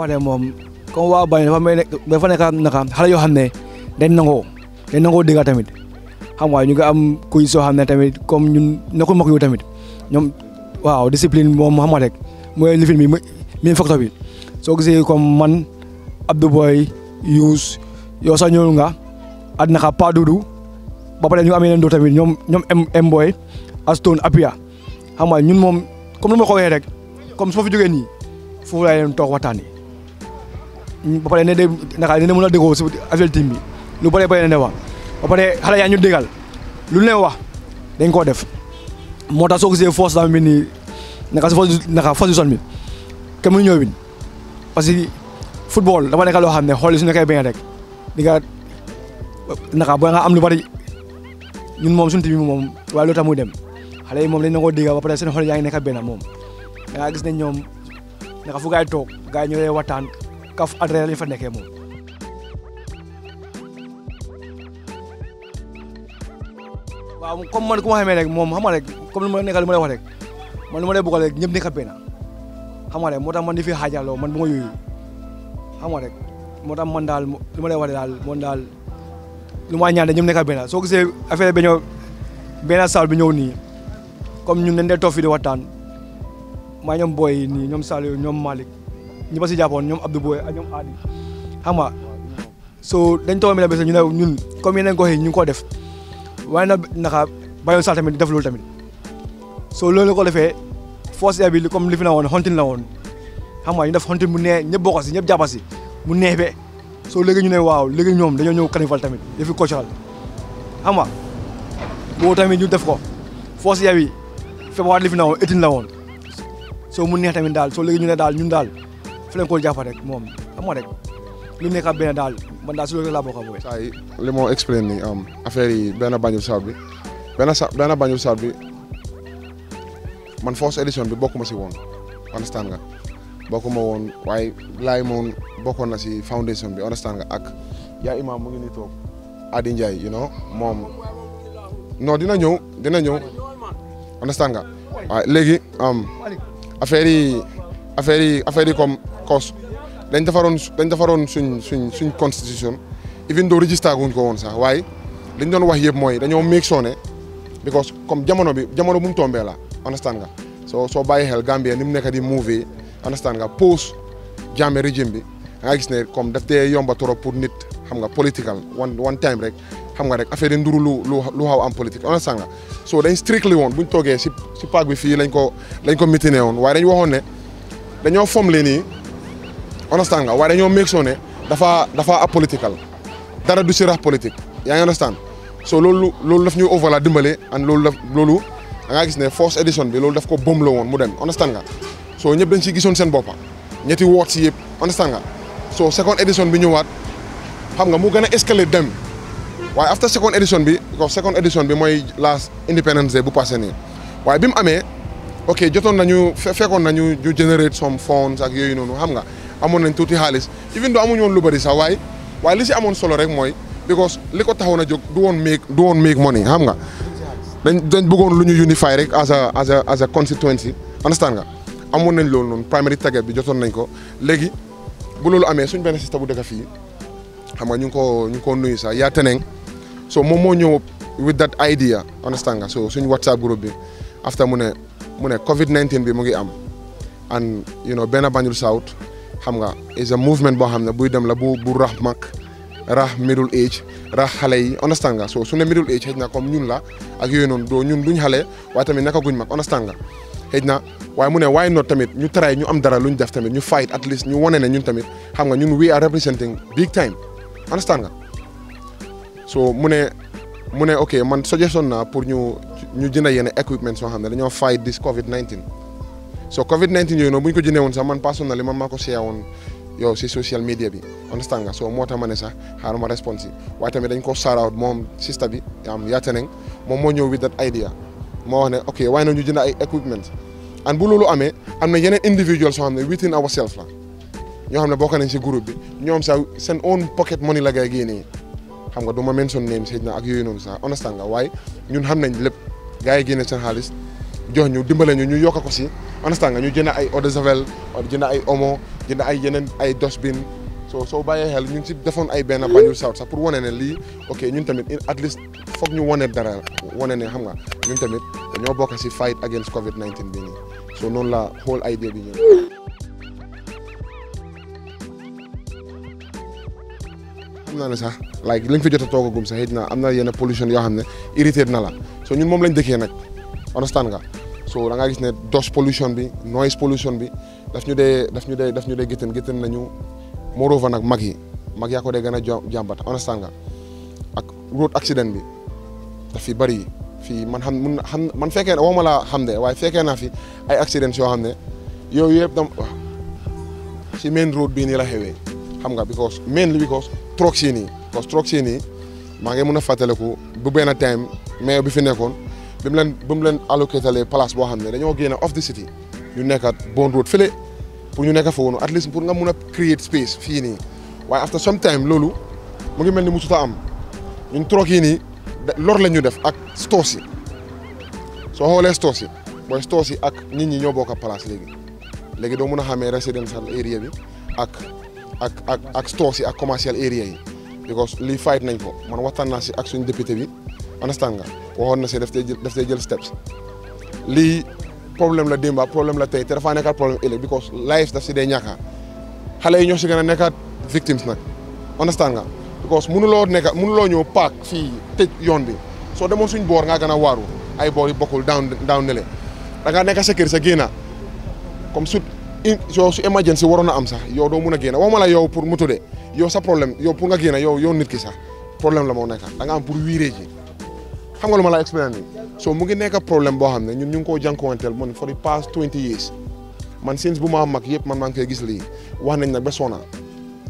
ko waxee moom comme waa Bañe dafa may nekk dafa nekk naka xale yoo xam ne dañ nangoo dañ nangoo dégg tamit xam nga ñu ngi am ne tamit comme ñun nekkul mag yu tamit ñoom waaw discipline moom xam nga rek mooy lifin bi mi facteur bi soo gisee comme man Abdou Boy Youss yow sax ñëwul nga at naka Pa Dudu ba pare ñu am yeneen doo tamit ñoom ñoom M Boy Aston Apia ñun moom comme ni ma ko rek comme su ma fi jógee nii foofu laay leen toog waxtaanee ba pare ne day naka dina mën a déggoo si affaire team bi lu bëree bëri na ne wax ba pare xale yaa ñu déggal lu ne wax dañ koo def moo tax soo gisee force bi nii naka si force naka force du bi kenn mënu ñëw win que football dafa nekk loo xam ne xool su nekkee rek di nga naka booy nga am lu bari ñun moom suñu team moom waaye loolu tax muy dem xale yi moom dañ na koo déggal ba pare seen nekk benn gis ne ñoom naka fu gaay toog gaay ñoo kaf ak reer lañ fa nekkee moom. waaw comme man ku ma xamee rek moom xam rek comme ni ma nekka li ma lay wax rek man li ma lay bëggoon rek ñëpp nekk ak benn xam nga rek moo tax man di fi xaajaloo man bu yooyu xam rek moo tax man daal li ma lay wax daal man daal lu ma ñaan de ñëpp nekk ak benn soo gisee affaire bi ñëw benn saal bi ñëw nii comme ñun dañ dee toog fii di waxtaan maa ñoom booy nii ñoom Saliou ñoom Malick. ñu ba si jàppoon ñoom Abdou Boye ak ñoom Adi xam nga dañ toog mi la bés ñu ne ñun comme yeneen gox ñu ngi ko def waaye nag naxa bàyyiwul sax tamit def loolu tamit soo loolu la ko defee force bi li fi na woon xontin la woon xam nga ñu def xontin si ñëpp jàpp si mu neexee soo léegi ñu ne waaw léegi ñoom dañoo ñëw carnival tamit dafi cultural xam tamit ñu def ko force bi feebawaat li na woon étin la woon soo mu neex tamit daal soo léegi ñu ne daal ñun daal fële nga koo jàpp rek moom xam nga rek lu nekk ak benn man daal si loolu laa bokk a booy. saa yi li moo am affaire yi benn Banjul South bi benn sa bi man first edition bi bokkuma si woon understand nga bokkuma woon waaye laay moom bokkoon na foundation bi understand nga ak ya imaam mu ngi nii toog Adi you know mom. non dina nyu, dina nyu, understand nga Legi léegi affaire yi affaire yi affaire yi comme cause dañ defaroon dañ defaroon suñ suñ suñ constitution even do register guñ ko woon sax waaye liñ doon wax yëpp mooy dañoo make because comme jamono bi jamono bu mu tombee la understand nga So so bàyyi xel Gambia ni nekk di movie understand nga Post jaame régime bi da nga gis ne comme daf dee yomba trop pour nit xam nga political one one time rek xam nga rek affaire yi lu lu lu xaw am politique understand nga so dañ strictly woon buñ si si paak bi fii lañ ko lañ ko mitiné woon waaye dañ waxoon dañoo fomle nii understand nga waaye dañoo make sure ne dafa dafa apolitical dara du si rax politique yaa ngi understand so loolu loolu daf ñu overla dimbale and loolu daf loolu da gis ne force édition bi loolu daf ko boom la woon mu dem understand nga soo ñëpp dañ si gisoon seen boppa ñetti woot si yëpp understand nga soo second édition bi waat xam nga mu gën a escalé dem waaye after second édition bi because second édition bi mooy last independence day bu passé nii waaye bi mu amee ok jotoon nañu fekkoon nañu ñu generate some funds ak yooyu noonu xam nga amoon nañ tuuti xaalis even doo amuñu woon lu bëri sax waaye waaye li si amoon solo rek mooy because li ko taxoon a jóg du woon make du woon make money xam nga dañ dañ bëggoon lu ñu unify rek as a as a as a constituency understand nga amoon nañ loolu noonu primary target bi jotoon nañ ko léegi bu loolu amee suñ benn sista bu dëkk fii xam nga ñu ngi ko ñu ngi ko nuyu sax yaa teneen so moom moo ñëw with that idea understand nga so suñ whatsapp group bi after mu ne mu ne covid 19 bi mu ngi am and you benn Banjul South xam nga is a movement boo xam ne buy dem la bu bu rax mag rax middle age rax xale yi understand nga soo su ne middle age xëj na comme ñun la ak yooyu noonu doo ñun duñ xale waaye tamit naka guñ mag understand nga xëj na waaye mu ne waaye not tamit ñu try ñu am dara luñ def tamit ñu fight at least ñu wane ne ñun tamit xam nga ñun we are representing big time understand nga so mu ne mu ne ok man suggestion naa pour ñu ñu jënd yenn equipment soo xam ne dañoo fight this covid so covid 19 yooyu noonu bu ñu ko jëndee woon sax man personnellement man maa ko seeya yow si social media bi understand nga so moo tax ma ne sax xaar ma response yi waaye tamit dañ ko saaraawut moom sista bi am yaataneng moom moo ñëw with that idea moo wax ne ok waaye na ñu jënd ay equipment an loolu amee am na yeneen individual soo xam ne within ourselves la ñoo xam ne bokk nañ si group bi ñoom sax seen own pocket money la gay génnee xam nga du ma mention name xëy na ak yooyu noonu sax understand nga waaye ñun xam nañ lépp gars yi génne seen xaalis jox ñu dimbale ñu ñu yokk ko si understand nga ñu jënd ay eau de javel ay omo jënd ay yeneen ay dosbin soo soo bàyyee xel ñu ngi si defoon ay benn Banjul South sax pour wone ne lii ok ñu tamit at least foog ñu wane dara wone ne xam nga ñu tamit ñoo bokk si fight against Covid 19 bii nii so noonu la whole idea bi ñu. xam na ne sax like lañ fi jot a toogagum sax it na am na yenn pollution yoo xam ne irrité na la so ñun moom lañ dëkkee nag understand nga. so da nga gis ne dust pollution bi noise pollution bi daf ñu dee daf ñu dee daf ñu dee gëtën gëtën nañu moreover nag mag yi mag yaa ko dee gën a jàmbat understand nga ak road accident bi daf fi bari fi man xam mun xam man fekkee na waxuma laa xam de waaye fekkee naa fi ay accident yoo xam ne yooyu yëpp dam si main road bi nii la xewee xam nga because mainly because trox yi nii because trox yi nii maa ngi a fàttaliku bu benn time mais bi fi nekkoon bi mu leen bi mu leen allocatalee place boo xam ne dañoo génne off the city ñu nekkat Bond Road fële pour ñu nekk fa woonu at least pour nga mun a create space fii nii waaye after some time loolu mu ngi mel ni musuta am ñu troc yi nii lor la ñu def ak stores yi soo xoolee stores yi mooy stores yi ak nit ñi ñoo bokk place léegi léegi doo mun a xamee residential area bi ak ak ak ak stores yi ak commercial area yi because li fight nañ ko man waxtaan naa si ak suñ député bi understand nga waxoon na si daf tey jël steps Li problème la demba problème la tey te dafaa nekkaat problème ëllëg because life daf si dee ñàkka xale yi ñoo si gën a victimes nag understand nga because mënuloo nekka mënuloo ñëw paak fii tëj yoon bi soo demoon suñ boor ngaa gën a ay boor yi bokkul down down nele da ngaa nekka sa sa génna comme su yow su emergency waroon a am sax yow doo mun a génna la yow pour mu tuddee yo sa problème yo pour nga gina yo yo nit ki sax problème la mo nek da nga am pour wiré ji xam nga luma la expliquer ni so mu ngi nek problème bo xamné ñun ñu ko koo mon for the past 20 years man since bu ma mak yépp man maa ngi gis li wax nañ nak ba sona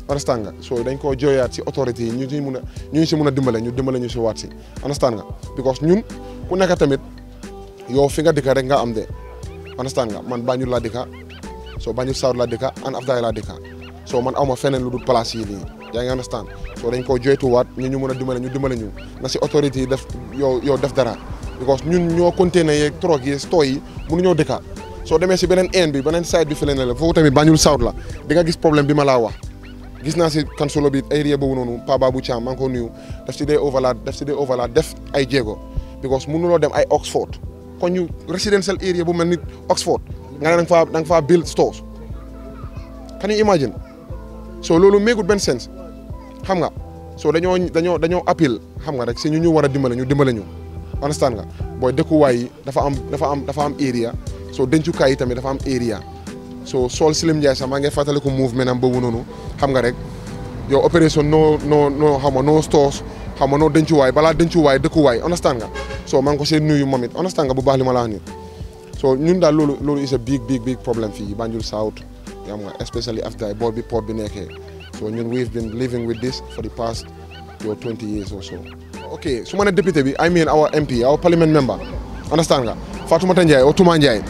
understand nga so dañ ko joyat ci autorité ñu ñu mëna a ñu ci mëna a ñu dimbalé ñu ci wat ci understand nga because ñun ku nek tamit yo fi nga dëkk rek nga am dé understand nga man bañu la dika so bañu South la dika and Afdaye la dika so man awma fenen luddul place yi ni ya nga understand so dañ joytu wat ñu ñu mëna dimbalé ñu dimbalé ñu na ci authority def yo yo def dara because ñun ño container yeeg troc yi stoo yi mënuñoo dëkkaat so démé si benen end bi benen side bi fi lénel fofu foofu tamit Banjul South la di nga gis problème bi ma wax gis na ci console bi ay réer boobu Pa babu cham maa ko nuyu daf ci dee overlap daf ci dee overlap def ay djégo because lo dem ay Oxford ko ñu residential area bu melni Oxford nga ne da nga fa nga build stores can you imagine soo loolu méegut benn sens xam nga soo dañoo dañoo dañoo appel xam nga rek si ñu ñu war a dimbale ñu dimbale ñu understand nga booy dëkkuwaay dafa am dafa am dafa am area soo dencukaay yi tamit dafa am area soo Sool Slim Ndiaye sax maa ngi fàttali ko movement am boobu noonu xam nga rek yow opération no no no xam nga no stores xam nga no dencuwaay balaa dencuwaay dëkkuwaay understand nga soo maa ko see nuyu moom it understand nga bu baax li ma la nii soo ñun daal loolu loolu is a big big big problème fii Banjul South especially after I bought port bi nekkee so ñun we've been living with this for the past your 20 years or so Okay, so my deputy, I mean our MP our parliament member understand nga Fatoumata Ndiaye o Touma Ndiaye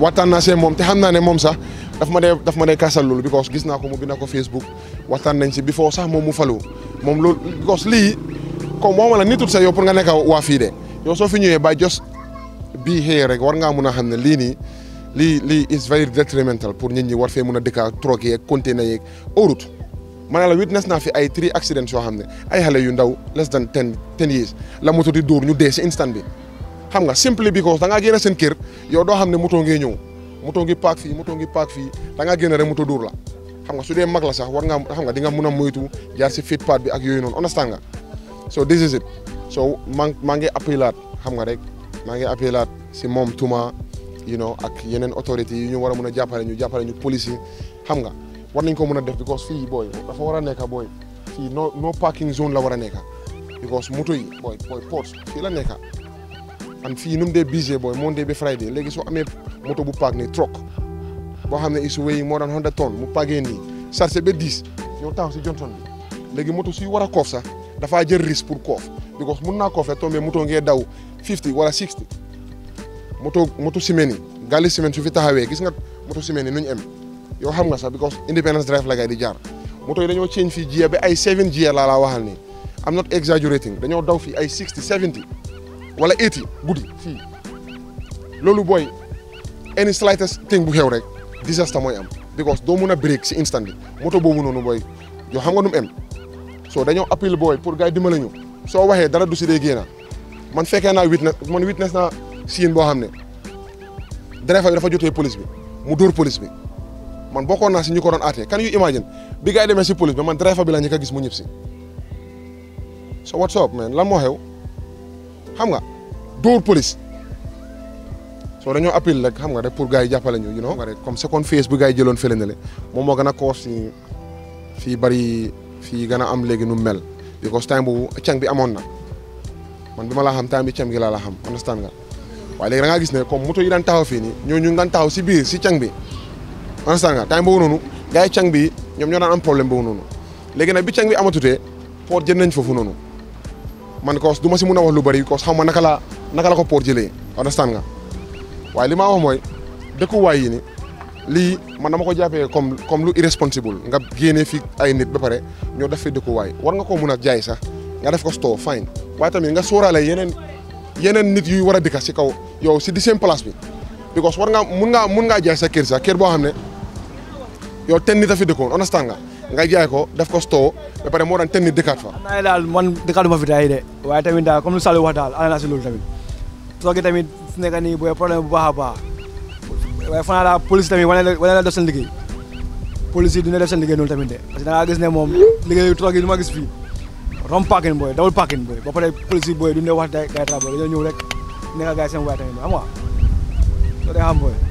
waxtaan naa see moom te xam sax daf ma dee daf ma dee kassal lolu because gis na ko mu bind ko Facebook Watan nañ ci before sax moom mu falu mom lolu because li, comme waxuma la nitut sa yo pour nga nek wa fi de yo so fi ñëwee ba just be here, rek war nga mëna xamné li ni li li is very detrimental pour nit ñi war fay mëna a troqué ak container yi route la witness na fi ay three accidents yo xamné ay xalé yu ndaw less than ten ten years la moto di door ñu dé ci instant bi xam nga simply because da nga gëna seen kër yo do xamné moto ngee ñëw moto ngi park fi moto ngi park fi da nga gëna rek moto door la xam nga su dé mag la sax war nga xam nga di nga mëna moytu jaar fit part bi ak yooyu noonu understand nga so this is it so mang mangé appelat hamga xam nga rek mangé appelat ci si tuma you know ak yeneen autorité yi ñu war a mën a jàppale ñu jàppale ñu police yi xam nga war nañ ko mën a def because fii booy dafa war a nekk booy fii no no parking zone la war a nekk because moto yi booy booy port fii la nekk an fii nu mu dee busy booy Monday ba Friday léegi soo amee moto bu paak ne truck boo xam ne is weighing more than hundred tonnes mu paagee nii chargé ba dix yow taxaw si Johnson bi léegi moto si war a koof sax dafaa jël risque pour koof because mun naa koof rek tombé moto ngee daw fifty wala sixty moto moto semaine yi gàlli semaine su fi taxawee gis nga moto semaine yi nu ñu yow xam nga sax because independence drive la gay di jaar moto yi dañoo change fii jiya ba ay 7 jiya laa laa waxal nii am not exaggerating dañoo daw fii ay 60 70 wala 80 guddi fii loolu booy any slightest thing bu xew rek disaster mooy am because doo mun a break si instant bi moto boobu noonu booy yoo xam nga nu mu am dañoo appel booy pour gars yi dimbale ñu soo waxee dara du si dee génn man fekkee naa witness man witness naa siin bo xam ne driver bi dafa jotté police bi mu door police bi man bokkoon na si ñu ko doon kan yu imagine bi gaay démé ci police bi man driver bi la ñu gis mu si so what's up man lan mo xew xam nga door police so dañu appel rek xam nga rek pour gaay jappalé ñu you know nga comme second phase bu gaay yi félé fële na le moom moo gën a si bari fi gëna am légui nu mel because time bu cang bi amon na man bima la xam time bi ciang bi la la xam understand nga wala nga gis ne comme moto yi dan taxaw ni nii ñu daan taxaw si biir si ciang bi understand nga tay boobu noonu gars ciang bi ñom ñoo dan am problème boobu noonu legi bi ciang bi port jël nañ fofu nonu man ko duma ci si wax lu bari ko xaw ma naka la naka la ko port jëlee understand nga way li ma wax mooy way yi ni li man dama ko jappé comme comme lu irresponsible nga gëné fi ay nit ba pare ñoo def fi way war nga ko mëna jaay sax nga def ko store fine way tamit nga sóoraale yenen yenen nit yu wara a ci kaw yow ci di dixième place bi because war nga mun nga mun nga jaay sa kër sa kër bo xam ne yow ten nit a fi on instant nga nga jaay ko def ko sto be pare mo dan ten nit dëkkaat fa. naa dal man dëkkaat ma fi tay de waye tamit da comme lu Saliou wax dal ala naa si loolu tamit soo tamit ne nekk ni bu problème bu baax a baax waaye fanaa la police tamit wala wala wane na def seen police dina def sen liguey non tamit de parce que da nga gis ne moom liggéey toogi lu ma gis fi rom paakin booy dawul paakin booy ba pare police booy duñ ne wax day day tra booy rek nekk ak gars yi seen waay tamit soo dee xam booy